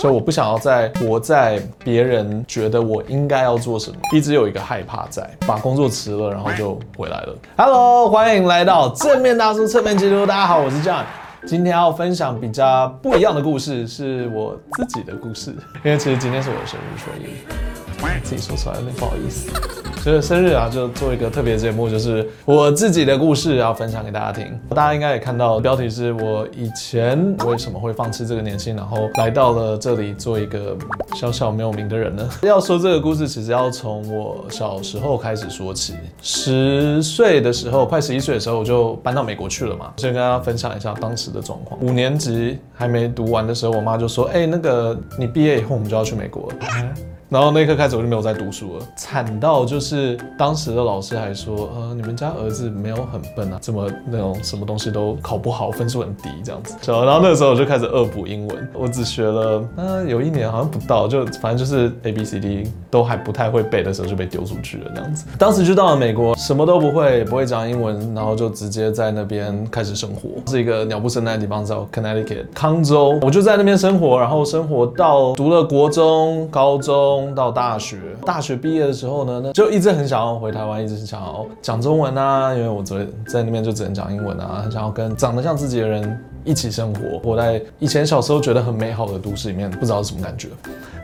所以我不想要再活在別人覺得我應該要做什麼，一直有一個害怕在。把工作辭了，然後就回來了。Hello，歡迎來到正面大叔側面記錄。大家好，我是 John，今天要分享比較不一樣的故事，是我自己的故事。因為其實今天是我的生日，所以自己說出來有點不好意思。所以，生日啊，就做一個特別節目，就是我自己的故事要分享給大家聽。大家應該也看到標題，是我以前為什麼會放棄這個年薪，然後來到了這裡做一個小小沒有名的人呢？要說這個故事，其實要從我小時候開始說起。十歲的時候，快十一歲的時候，我就搬到美國去了嘛。所以跟大家分享一下當時的狀況。五年級還沒讀完的時候，我媽就說：“哎，那個你畢業以後，我們就要去美國了。”然後那一刻開始，我就沒有再讀書了，慘到就是當時的老師還說，呃，你們家兒子沒有很笨啊，怎麼那種什麼東西都考不好，分數很低這樣子。然後那個時候我就開始惡補英文，我只學了，呃，有一年好像不到，就反正就是 A B C D 都還不太會背的時候就被丟出去了這樣子。當時就到了美國，什麼都不會，不會講英文，然後就直接在那邊開始生活，是一個鳥不生蛋的地方叫 Connecticut 康州，我就在那邊生活，然後生活到讀了國中、高中，到大學，大學畢業的時候呢，就一直很想要回台灣，一直想要講中文啊。因為我在在那邊就只能講英文啊，很想要跟長得像自己的人一起生活。我在以前小時候覺得很美好的都市裡面，不知道是什麼感覺，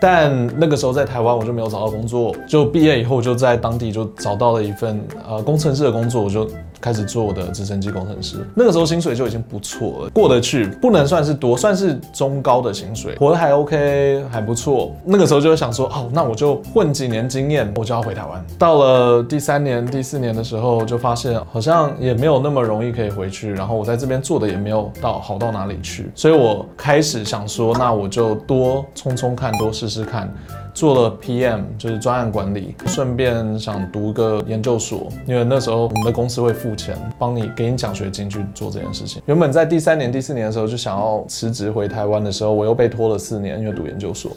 但那個時候在台灣我就沒有找到工作，就畢業以後就在當地就找到了一份呃工程師的工作，我就。開始做我的直升機工程師，那個時候薪水就已經不錯了，過得去，不能算是多，算是中高的薪水，活得還 OK，還不錯。那個時候就想說，哦，那我就混幾年經驗，我就要回台灣。到了第三年、第四年的時候，就發現好像也沒有那麼容易可以回去，然後我在這邊做的也沒有到好到哪裡去，所以我開始想說，那我就多衝衝看，多試試看。做了 PM 就是專案管理，順便想讀個研究所，因為那時候我們的公司會付錢，幫你給你獎學金去做這件事情。原本在第三年、第四年的時候就想要辭職回台灣的時候，我又被拖了四年，因為讀研究所，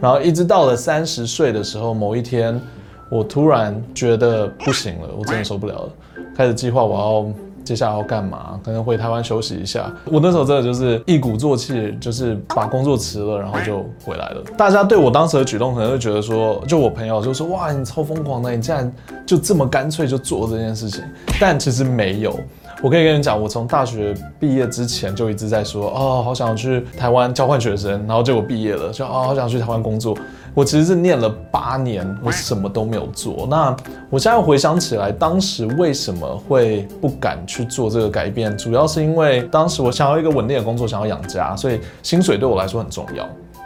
然後一直到了三十歲的時候，某一天我突然覺得不行了，我真的受不了了，開始計劃我要。接下來要幹嘛？可能回台灣休息一下。我那時候真的就是一鼓作氣，就是把工作辭了，然後就回來了。大家對我當時的舉動可能會覺得說，就我朋友就說，哇，你超瘋狂的，你竟然就這麼乾脆就做這件事情。但其實沒有，我可以跟你講，我從大學畢業之前就一直在說，哦，好想去台灣交換學生。然後結果畢業了，就啊、哦，好想去台灣工作。我其實是念了八年，我什麼都沒有做。那我現在回想起來，當時為什麼會不敢去做這個改變，主要是因為當時我想要一個穩定的工作，想要養家，所以薪水對我來說很重要，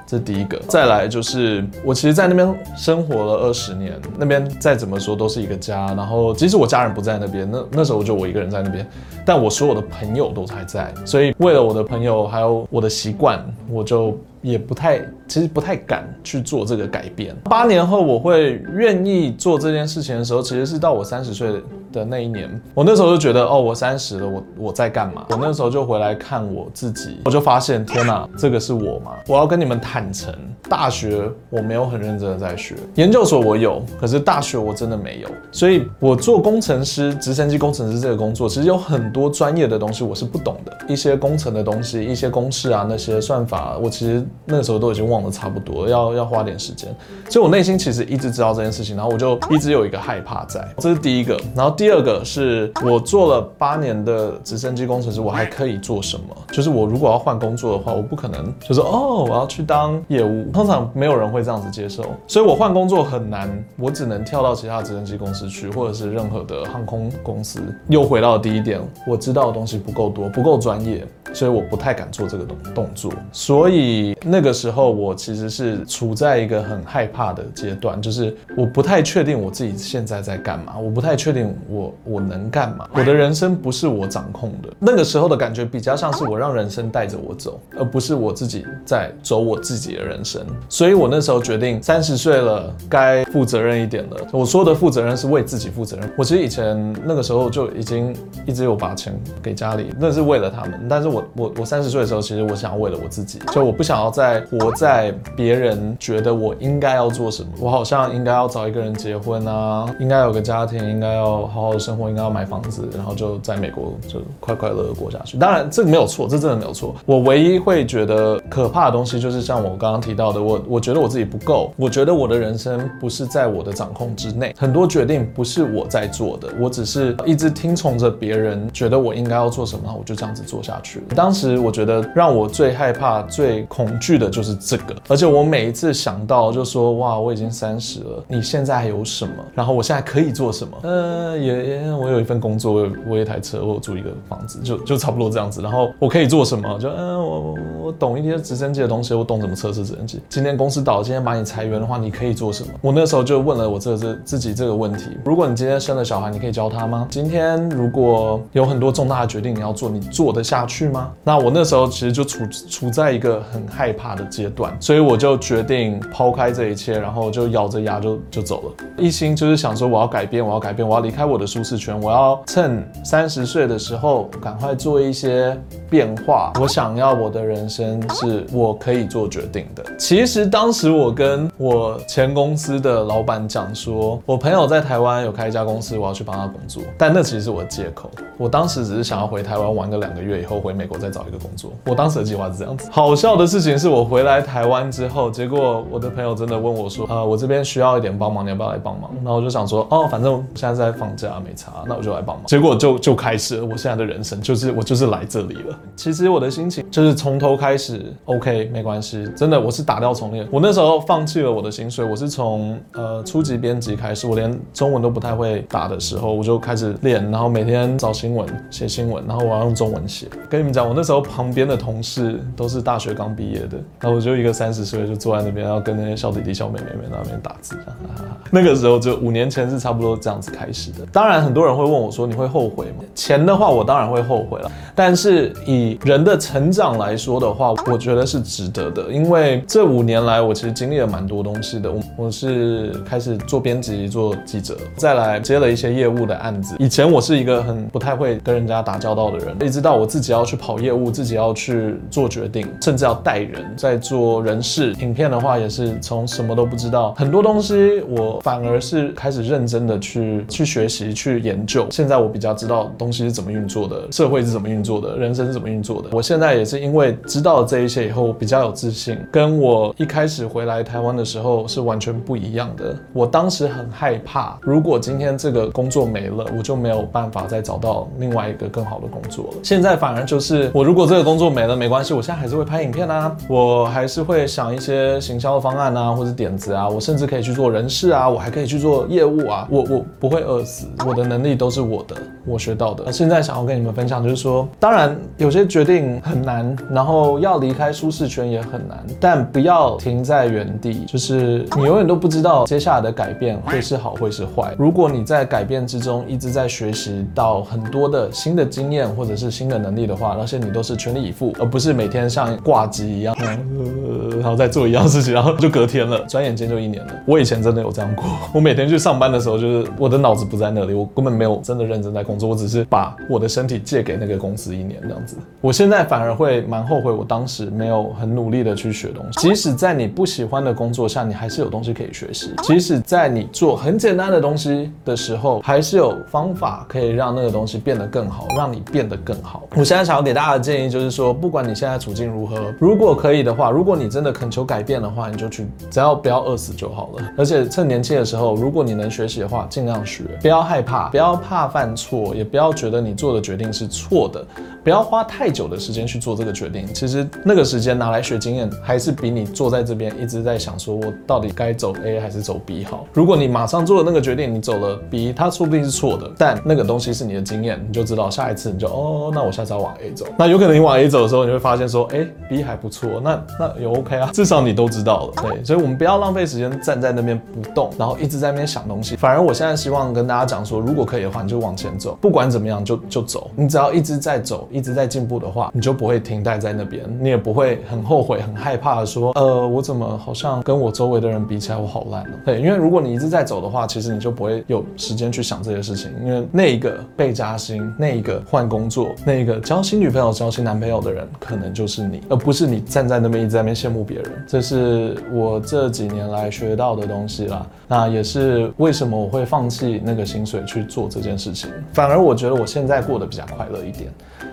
這是第一個。再來就是我其實，在那邊生活了二十年，那邊再怎麼說都是一個家。然後即使我家人不在那邊，那那時候就我一個人在那邊，但我所有的朋友都還在，所以為了我的朋友還有我的習慣，我就。也不太，其實不太敢去做這個改變。八年後，我會願意做這件事情的時候，其實是到我三十歲的那一年。我那時候就覺得，哦，我三十了，我我在幹嘛？我那時候就回來看我自己，我就發現，天哪，這個是我嗎？我要跟你們坦誠，大學我沒有很認真的在學，研究所我有，可是大學我真的沒有。所以，我做工程師，直升機工程師這個工作，其實有很多專業的東西我是不懂的，一些工程的東西，一些公式啊，那些算法，我其實。那個時候都已經忘得差不多了，要要花點時間。所以，我內心其實一直知道這件事情，然後我就一直有一個害怕在。這是第一個，然後第二個是我做了八年的直升機工程師，我還可以做什麼？就是我如果要換工作的話，我不可能就是說哦，我要去當業務，通常沒有人會這樣子接受。所以我換工作很難，我只能跳到其他直升機公司去，或者是任何的航空公司。又回到第一點，我知道的東西不夠多，不夠專業，所以我不太敢做這個動動作。所以。那個時候我其實是處在一個很害怕的階段，就是我不太確定我自己現在在幹嘛，我不太確定我我能幹嘛，我的人生不是我掌控的。那個時候的感覺比較像是我讓人生帶着我走，而不是我自己在走我自己的人生。所以，我那時候決定三十歲了，該負責任一點了。我說的負責任是為自己負責任。我其實以前那個時候就已經一直有把錢給家裡，那是為了他們。但是我我我三十歲的時候，其實我想要為了我自己，就我不想要。在活在別人覺得我應該要做什麼，我好像應該要找一個人結婚啊，應該有個家庭，應該要好好的生活，應該要買房子，然後就在美國就快快樂樂過下去。當然，這個沒有錯，這真的沒有錯。我唯一會覺得可怕的東西，就是像我剛剛提到的，我我覺得我自己不夠，我覺得我的人生不是在我的掌控之內，很多決定不是我在做的，我只是一直聽從着別人覺得我應該要做什麼，我就這樣子做下去了。當時我覺得讓我最害怕、最恐。去的就是這個，而且我每一次想到就說哇，我已經三十了，你現在還有什麼？然後我現在可以做什麼？嗯、呃，也，也我有一份工作，我有我一台車，我有租一個房子，就就差不多這樣子。然後我可以做什麼？就嗯、呃，我我懂一些直升機的東西，我懂怎麼測試直升機。今天公司倒，今天把你裁員的話，你可以做什麼？我那時候就問了我這個自自己這個問題，如果你今天生了小孩，你可以教他嗎？今天如果有很多重大的決定你要做，你做得下去嗎？那我那時候其實就處處在一個很害。怕的階段，所以我就決定拋開這一切，然後就咬着牙就就走了，一心就是想說我要改變，我要改變，我要離開我的舒適圈，我要趁三十歲的時候趕快做一些變化。我想要我的人生是我可以做決定的。其實當時我跟我前公司的老板講說，我朋友在台灣有開一家公司，我要去幫他工作，但那其實是我的借口。我當時只是想要回台灣玩個兩個月，以後回美國再找一個工作。我當時的計劃是這樣子。好笑的事情是。是我回來台灣之後，結果我的朋友真的問我說：“呃，我這邊需要一點幫忙，你要不要來幫忙？”然後我就想說：“哦，反正現在是在放假，沒差，那我就來幫忙。”結果就就開始了，我現在的人生就是我就是來這裡了。其實我的心情就是從頭開始，OK，沒關係，真的，我是打掉重練。我那時候放棄了我的薪水，我是從呃初級編輯開始，我連中文都不太會打的時候，我就開始練，然後每天找新聞，寫新聞，然後我要用中文寫。跟你們講，我那時候旁邊的同事都是大學剛畢業。那我就一個三十歲就坐在那邊，然後跟那些小弟弟、小妹妹們那邊打字哈哈哈哈。那個時候就五年前是差不多這樣子開始的。當然，很多人會問我說：“你會後悔嗎？”錢的話，我當然會後悔了。但是以人的成長來說的話，我覺得是值得的。因為這五年來，我其實經歷了蠻多東西的。我我是開始做編輯、做記者，再來接了一些業務的案子。以前我是一個很不太會跟人家打交道的人，一直到我自己要去跑業務，自己要去做決定，甚至要帶人。人在做人事，影片的話也是從什麼都不知道，很多東西我反而是開始認真的去去學習，去研究。現在我比較知道東西是怎麼運作的，社會是怎麼運作的，人生是怎麼運作的。我現在也是因為知道了這一些以後，我比較有自信，跟我一開始回來台灣的時候是完全不一樣的。我當時很害怕，如果今天這個工作沒了，我就沒有辦法再找到另外一個更好的工作了。現在反而就是我如果這個工作沒了，沒關係，我現在還是會拍影片啊。我還是會想一些行銷的方案啊，或者點子啊。我甚至可以去做人事啊，我還可以去做業務啊。我我不會餓死，我的能力都是我的，我學到的。現在想要跟你們分享就是說，當然有些決定很難，然後要離開舒適圈也很難，但不要停在原地。就是你永遠都不知道接下來的改變會是好會是壞。如果你在改變之中一直在學習到很多的新的經驗或者是新的能力的話，那些你都是全力以赴，而不是每天像掛機一樣。嗯嗯嗯，然後再做一樣事情，然後就隔天了，轉眼間就一年了。我以前真的有這樣過，我每天去上班的時候，就是我的腦子不在那裡，我根本沒有真的認真在工作，我只是把我的身體借給那個公司一年這樣子。我現在反而會蠻後悔，我當時沒有很努力的去學東西。即使在你不喜歡的工作下，你還是有東西可以學習；即使在你做很簡單的東西的時候，還是有方法可以讓那個東西變得更好，讓你變得更好。我現在想要給大家的建議就是說，不管你現在處境如何，如果可可以的話，如果你真的懇求改變的話，你就去，只要不要餓死就好了。而且趁年輕的時候，如果你能學習的話，盡量學，不要害怕，不要怕犯錯，也不要覺得你做的決定是錯的。不要花太久的時間去做這個決定。其實那個時間拿來學經驗，還是比你坐在這邊一直在想說，我到底該走 A 還是走 B 好。如果你馬上做了那個決定，你走了 B，它說不定是錯的，但那個東西是你的經驗，你就知道下一次你就哦，那我下次要往 A 走。那有可能你往 A 走的時候，你就會發現說，哎，B 還不錯，那那也 OK 啊。至少你都知道了。對，所以我們不要浪費時間站在那邊不動，然後一直在那邊想東西。反而我現在希望跟大家講說，如果可以的話，你就往前走，不管怎麼樣就就走。你只要一直在走。一直在進步的話，你就不會停在在那邊，你也不會很後悔、很害怕的說，呃，我怎麼好像跟我周圍的人比起來，我好爛了、啊。對，因為如果你一直在走的話，其實你就不會有時間去想這些事情。因為那一個被加薪、那一個換工作、那一個交新女朋友、交新男朋友的人，可能就是你，而不是你站在那邊一直在那邊羨慕別人。這是我這幾年來學到的東西啦。那也是為什麼我會放棄那個薪水去做這件事情。反而我覺得我現在過得比較快樂一點。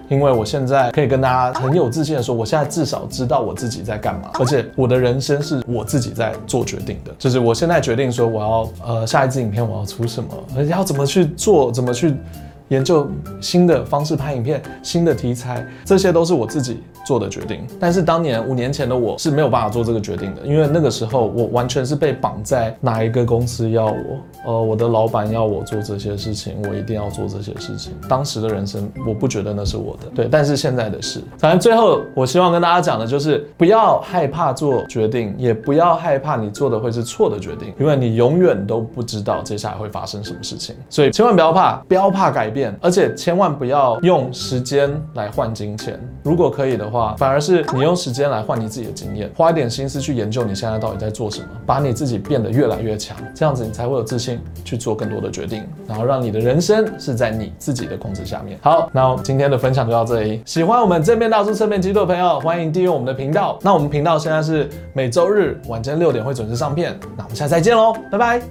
因為我現在可以跟大家很有自信的說，我現在至少知道我自己在幹嘛，而且我的人生是我自己在做決定的，就是我現在決定說我要，呃，下一支影片我要出什麼，呃，要怎麼去做，怎麼去。研究新的方式拍影片，新的題材，這些都是我自己做的決定。但是當年五年前的我是沒有辦法做這個決定的，因為那個時候我完全是被綁在哪一個公司要我，呃，我的老闆要我做這些事情，我一定要做這些事情。當時的人生，我不覺得那是我的。對，但是現在的事，反正最後我希望跟大家講的就是，不要害怕做決定，也不要害怕你做的會是錯的決定，因為你永遠都不知道接下來會發生什麼事情，所以千萬不要怕，不要怕改變。而且千萬不要用時間來換金錢，如果可以的話，反而是你用時間來換你自己的經驗，花一點心思去研究你現在到底在做什麼，把你自己變得越來越強，這樣子你才會有自信去做更多的決定，然後讓你的人生是在你自己的控制下面。好，那今天的分享就到這裡，喜歡我們正面大叔、側面基督的朋友，歡迎訂閱我們的頻道。那我們頻道現在是每週日晚間六點會準時上片，那我們下次再見嘍，拜拜。